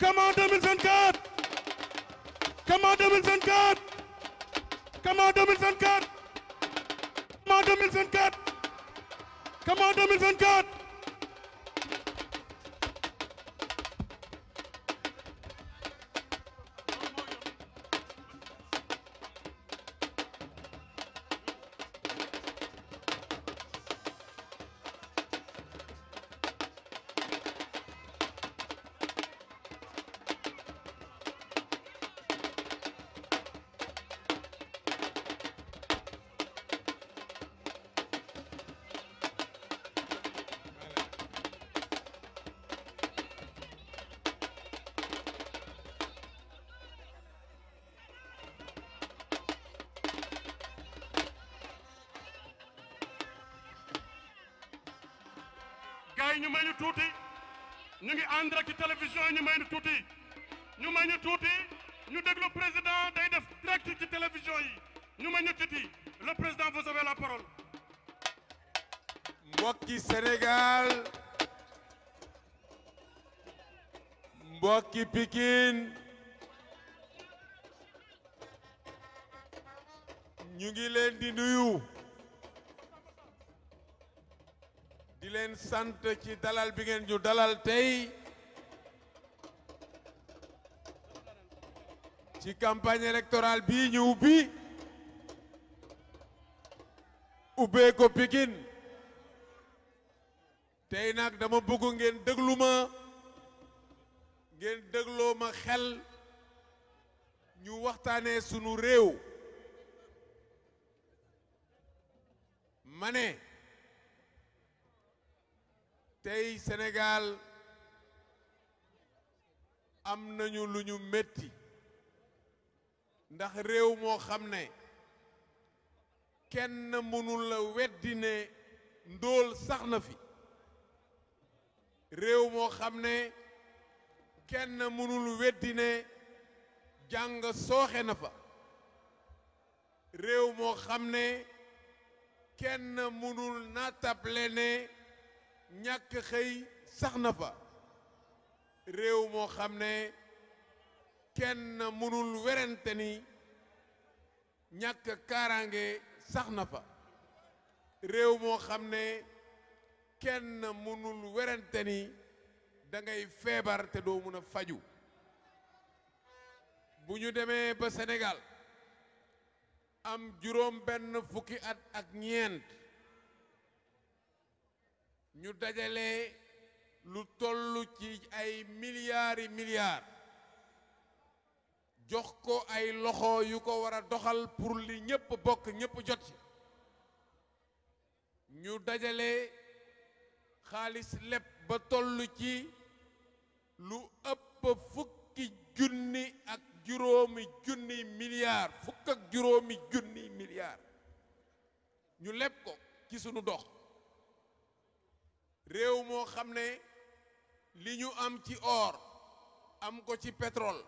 Comme en 2024 Comme en 2024 Comme en 2024 Comme en 2024 Comme en 2024 waaye ñu may ñu tuuti ñu ngi en direct télévision ñu may ñu ñu may ñu tuuti ñu déglu président day def direct ci télévision yi ñu may ñu tuuti le président vous avez la parole. mbokki Sénégal mbokki Pikine ñu ngi leen di nuyu. leen sant ci dalal bi ngeen ñu dalal tey ci campagne électorale bii ñu ubbi ubbee ko Pikine tey nag dama bëgg ngeen déglu ma ngeen dégloo ma xel ñu waxtaanee sunu réew ma ne tey Sénégal am nañu lu ñu metti ndax réew moo xam ne kenn mënul la weddi ne ndóol sax na fi réew moo xam ne kenn mënul weddi ne jàng sooxe na fa réew moo xam ne kenn mënul natable ne ñàkk xëy sax na fa réew moo xam ne kenn mënul werante ni ñàkk kaaraange sax na fa réew moo xam ne kenn mënul werante ni da ngay feebar te doo mën a faju bu ñu demee ba Sénégal am juróom benn fukki at ak ñeent ñu dajale lu toll ci ay milliards yi jox ko ay loxo yu ko war a doxal pour li ñëpp bokk ñépp jot ci ñu dajale xaalis lépp ba toll ci lu ëpp fukki junni ak juróomi junni milliards fukk ak juróomi junni milliards ñu lépp ko ci sunu dox réew moo xam ne li ñu am ci or am ko ci petrol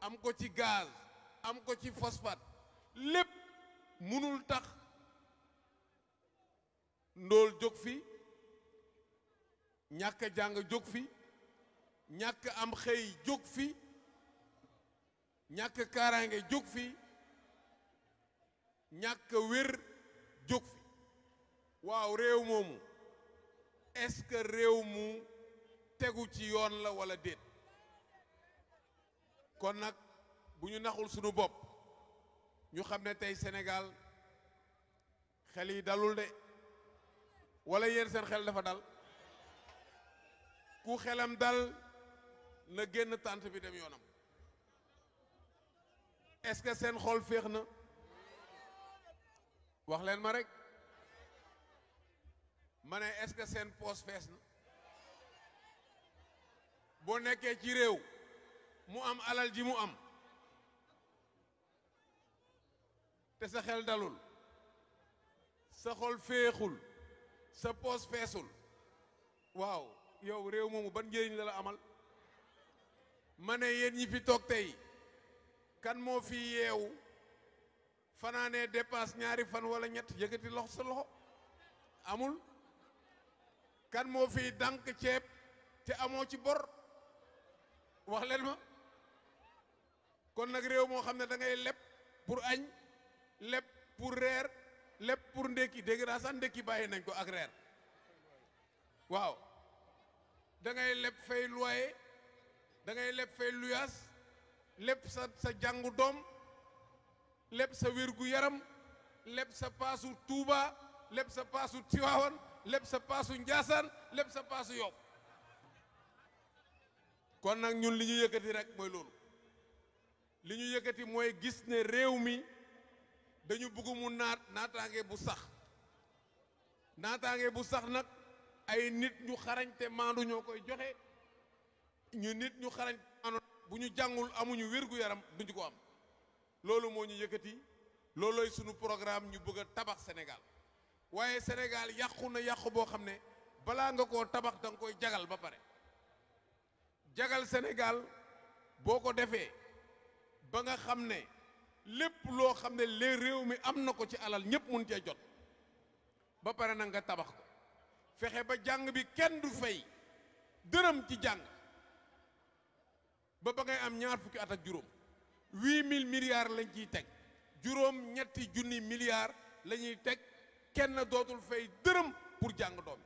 am ko ci gaz am ko ci phosphate lépp mënul tax ndóol jóg fi ñàkk jàng jóg fi ñàkk am xëy jóg fi ñàkk kaaraange jóg fi ñàkk wér jóg fi waaw réew moomu est-ce que réew mu tegu ci yoon la walla déet kon nag bu ñu naxul sunu bopp ñu xam ne tey senegaal xel yi dalul de walla yéen seen xel dafa dal ku xelam dal na génn tànt bi dem yoonam est seen xol féex na wax leen ma rekk ma ne est-ce que seen poos fees na boo nekkee ci réew mu am alal ji mu am te sa xel dalul sa xol féexul sa poos feesul waaw yow réew moomu ban njëriñ la la amal ma ne yéen ñi fi toog tey kan moo fi yeewu fanaanee dépasse ñaari fan wala ñett yëkkati loxo sa loxo amul kan moo fi dànk ceeb te amoo ci bor wax leen ma kon nag réew moo xam ne da ngay leb pour añ leb pour reer leb pour ndékki dégg naa sax ndékki bàyyi nañ ko ak reer waaw da ngay leb fay loyer da ngay leb fay luyaas leb sa sa jàngu doom leb sa wirgu yaram leb sa paasu Touba leb sa paasu Tiwaawan lépp sa paasu Njaasaan lépp sa paasu Yoof kon nag ñun li ñu yëkkati rek mooy loolu li ñu yëkkati mooy gis ne réew mi dañu bëgg mu naat naataange bu sax naataange bu sax nag ay nit ñu xarañte maandu ñoo koy joxe ñu nit ñu xarañ maandu bu ñu jàngul amuñu wér-gu-yaram duñu ko am loolu moo ñu yëkkati loolooy sunu programme ñu bëgg a tabax Sénégal waaye Sénégal yàqu na yàqu boo xam ne balaa nga koo tabax danga koy jagal ba pare jagal Sénégal boo ko defee ba nga xam ne lépp loo xam ne lé réew mi am na ko ci alal ñëpp mun cee jot ba pare nag nga tabax ko fexe ba jàng bi kenn du fay dërëm ci jàng ba ba ngay am ñaar fukki at ak juróom huit mille milliards lañ ciy teg juróom ñetti junni milliards la teg kenn dootul fay dërëm pour jàng doom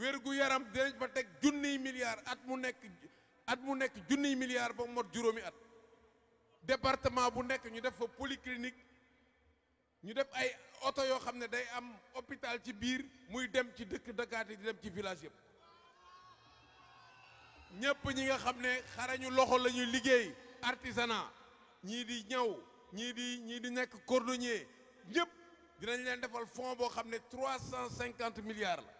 wér gu yaram dinañ fa teg junniy milliards at mu nekk at mu nekk junniy milliards ba mot juróomi at département bu nekk ñu def fa polyclinique ñu def ay oto yoo xam ne day am hôpital ci biir muy dem ci dëkk dëkkaat yi di dem ci village yëpp ñëpp ñi nga xam ne xarañu loxo lañuy liggéey artisanat ñii di ñaw ñii di ñii di nekk cordonnier ñëpp dinañ leen defal fonds boo xam ne trois cent cinquante milliards la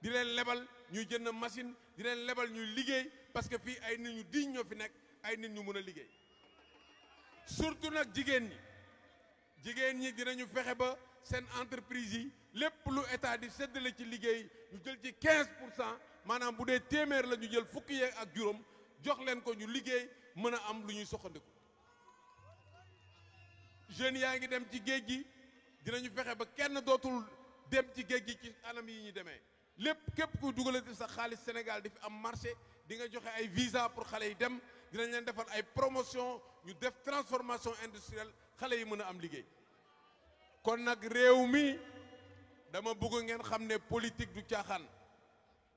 di leen lebal ñuy jënd machine di leen lebal ñuy liggéey parce que fii ay nit ñu di ñoo fi nekk ay nit ñu mën a liggéey surtout nag jigéen ñi jigéen ñi dinañu fexe ba seen entreprise yi lépp lu état di séddale ci liggéey ñu jël ci quinze pour cent maanaam bu dee téeméer la ñu jël fukki yeeg ak juróom jox leen ko ñu liggéey mën a am lu ñuy soxandiku jeunes yaa ngi dem ci géej gi dinañu fexe ba kenn dootul dem ci géej gi ci anam yi ñu demee lépp képp ku dugalati sa xaalis Sénégal di fi am marché di nga joxe ay visa pour xale yi dem dinañ leen defal ay promotion ñu def transformation industrielle xale yi mën a am liggéey kon nag réew mi dama bëgg ngeen xam ne politique du caaxaan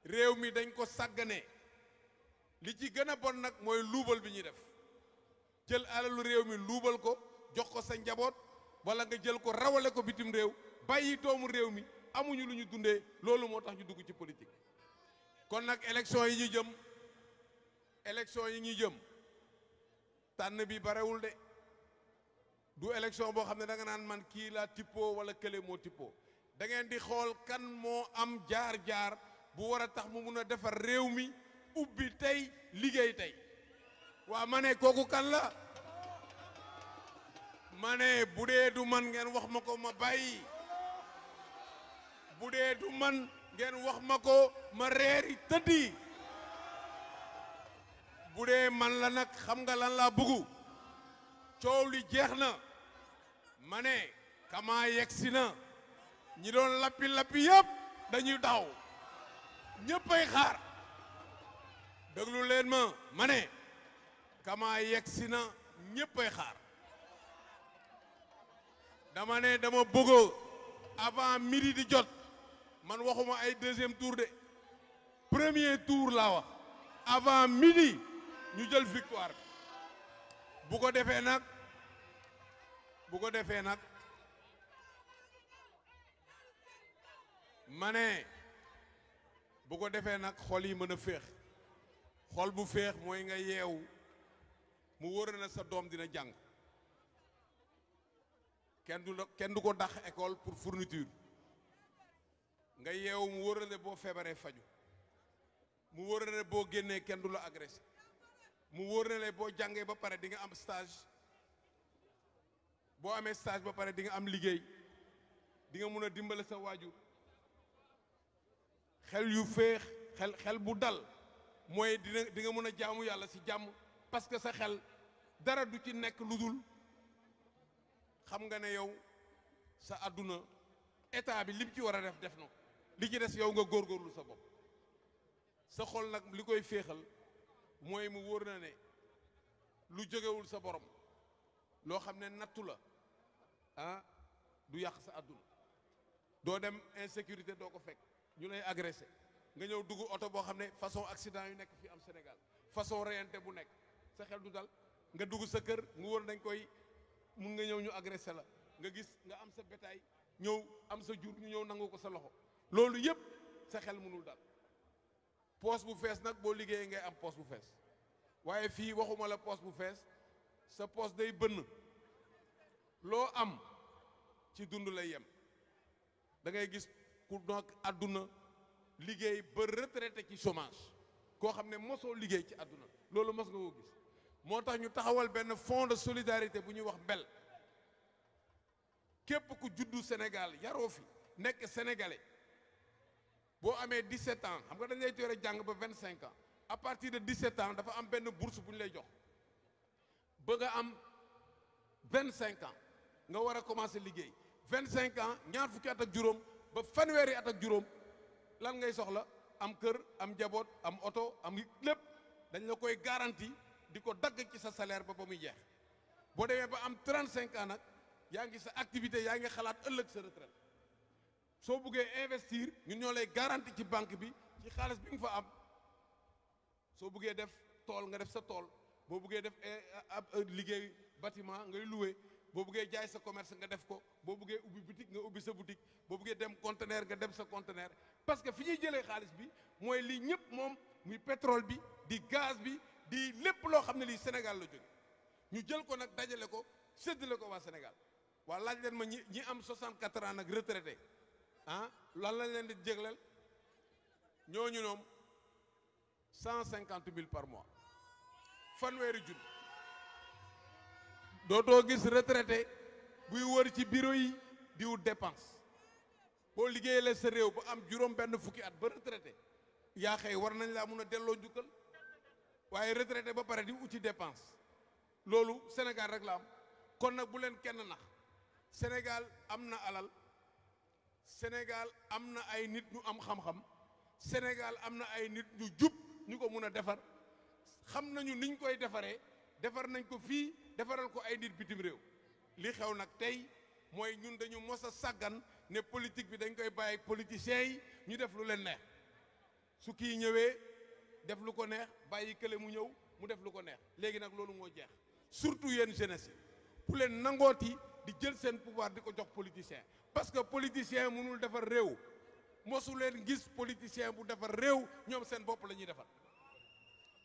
réew mi dañ ko sàggane li ci gën a bon nag mooy luubal bi ñuy def jël alalu réew mi luubal ko jox ko sa njaboot wala nga jël ko rawale ko bitim réew bàyyi toomu réew mi amuñu lu ñu dundee loolu moo tax ñu dugg ci politique kon nag élection yi ñu jëm élection yi ñu jëm tànn bi barewul de du élection boo xam ne danga naan man kii laa tippoo wala kële moo tippoo da ngeen di xool kan moo am jaar-jaar bu war a tax mu mun a defar réew mi ubbi tey liggéey tey waa ma ne kooku kan la mane bu dee du man ngeen wax ma ko ma bàyyi bu dee du man ngeen wax ma ko ma reeri tëddi bu dee man la nag xam nga lan laa bëggu coow li jeex na mane ne kamaa yegg si na ñi doon lappi-lappi yëpp dañuy daw ñëpp xaar déglu leen ma mane ne kamaa yegg si na ñëpp ay xaar dama ne dama bëgg avant midi di jot man waxuma ay deuxième tour de premier tour laa wax avant midi ñu jël victoire bi bu ko defee nag bu ko defee nag ma ne bu ko defee nag xol yi mën a féex xol bu féex mooy nga yeewu mu wóor na sa doom dina jàng kenn du kenn du ko dax école pour fourniture nga yeewu mu wóor la boo feebaree faju mu wóor la boo génnee kenn du la agressé mu wóor la boo jàngee ba pare dinga am stage boo amee stage ba pare di nga am liggéey di nga mun a dimbale sa waajur xel yu feex xel xel bu dal mooy dina di nga mun a jaamu yàlla si jàmm parce que sa xel dara du ci nekk lu dul xam nga ne yow sa àdduna état bi lim ci war a def def na ko li ci des yow nga góor góorgóorlu sa bopp sa xol nag li koy féexal mooy mu wóor na ne lu jógewul sa borom loo xam ne nattu la ah du yàq sa àdduna doo dem insécurité doo ko fekk ñu lay agressé nga ñëw dugg oto boo xam ne façon accident yu nekk fi am Sénégal façon reyante bu nekk sa xel du dal nga dugg sa kër mu wóor dañ koy mun nga ñëw ñu agressé la nga gis nga am sa bétail ñëw am sa jur ñu ñëw nangu ko sa loxo loolu yëpp sa xel mënul dal poos bu fees nag boo liggéeyee ngay am poos bu fees waaye fii waxuma la poos bu fees sa poos day bënn loo am ci dund la yem dangay ngay gis ku nokk àdduna liggéey ba retraité ci chômage koo xam ne mosoo liggéey ci àdduna loolu mos nga koo gis moo tax ñu taxawal benn fonds de solidarité bu ñuy wax bel képp ku juddu Sénégal yaroo fi nekk sénégalais boo amee 17 ans xam nga dañ lay tere jàng ba 25 ans à partir de 17 ans dafa am benn bourse bu ñu lay jox ba nga am 25 ans nga war a commencer liggéey 25 ans ñaar fukki at ak juróom ba fanweeri at ak juróom lan ngay soxla am kër am jaboot am oto am lépp dañ la koy garantie. di ko dagg ci sa salaire ba ba muy jeex boo demee ba am 35 ans nag yaa ngi sa activité yaa ngi xalaat ëllëg sa retraite soo buggee investir ñu ñoo lay garanti ci banque bi ci xaalis bi nga fa am soo buggee def tool nga def sa tool boo buggee def eh, ab eh, liggéey bâtiment ngay loué boo buggee jaay sa commerce nga def ko boo buggee ubbi boutique nga ubbi sa boutique boo buggee dem conteneur nga dem sa conteneur parce que fi ñuy jëlee xaalis bi mooy lii ñëpp moom muy pétrole bi di gaz bi di lépp loo xam ne lii Sénégal la jóge ñu jël ko nag dajale ko séddale ko waa Sénégal waa laaj leen ma ñi ñi am 64 ans nag retraité ah lan lañ leen di jégleel ñooñu cent cinquante mille par mois fanweeri junni dootoo gis retraité buy wër ci bureau yi di wut dépense boo liggéeyee la sa réew ba am juróom benn fukki at ba retraité yaa xëy war nañ laa mun a delloo njukkal waaye retraité ba pare di uti dépense loolu Sénégal rek la am kon nag bu leen kenn nax Sénégal am na alal Sénégal am na ay nit ñu am xam-xam Sénégal am na ay nit ñu jub ñu ko mun a defar xam nañu niñ koy defaree defar nañ ko fii defaral ko ay nit bitim réew li xew nag tey mooy ñun dañu mos a sàggan ne politique bi dañ koy bàyyi politiciens yi ñu def lu leen neex su kii ñëwee def lu ko neex bàyyi kële mu ñëw mu def lu ko neex léegi nag loolu moo jeex surtout yéen jeunesse yi bu leen nangooti di jël seen pouvoir di ko jox politicien parce que politicien mënul defar réew mosu leen gis politicien bu defar réew ñoom seen bopp lañuy ñuy defar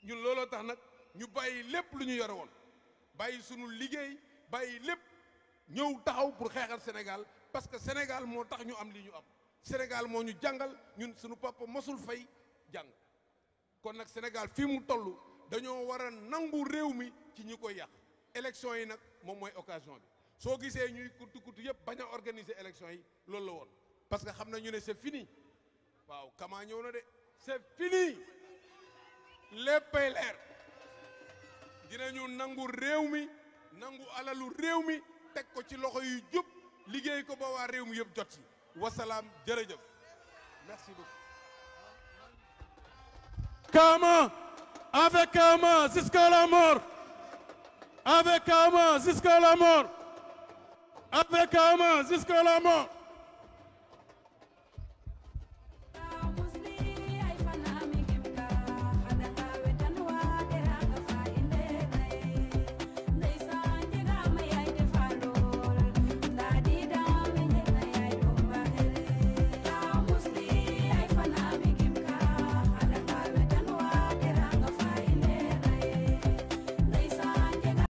ñun looloo tax nag ñu bàyyi lépp lu ñu yore woon bàyyi sunu liggéey bàyyi lépp ñëw taxaw pour xeexal Sénégal parce que Sénégal moo tax ñu am lii ñu am Sénégal moo ñu jàngal ñun sunu papa mosul fay jàng kon nag Sénégal fii mu toll dañoo war a nangu réew mi ci ñi koy yàq élection yi nag moom mooy occasion bi soo gisee ñuy kutu kutu yëpp bañ a organiser élection yi loolu la woon parce que xam nañu ne c'est fini waaw kamaa ñëw na de c'est fini léppay leer dinañu nangu réew mi nangu alalu réew mi teg ko ci loxo yi jub liggéey ko ba waa réew mi yëpp jot si wasalaam jërëjëf merci beaucoup Kama, jusqu'à la mort.